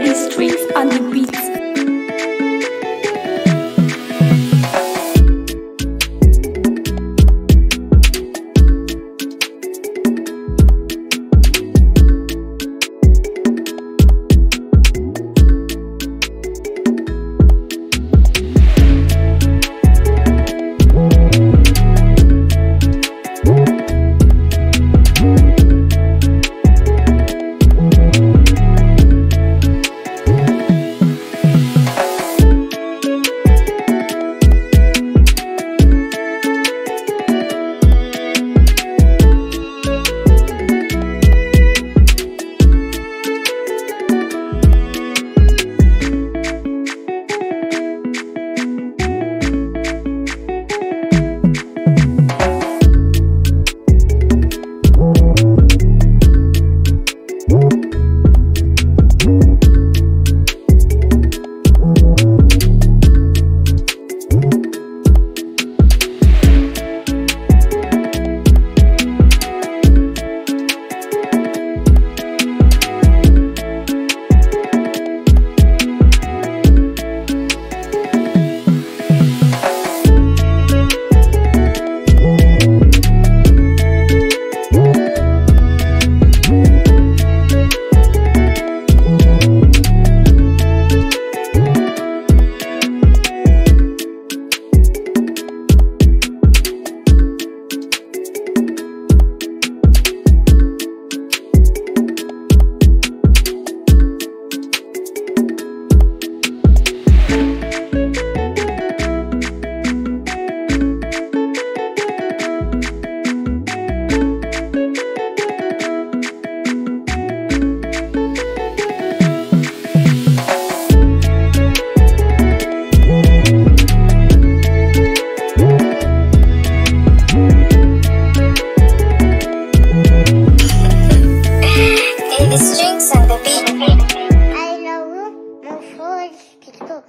Lady Strings on the beat. Thank you. Let's TikTok.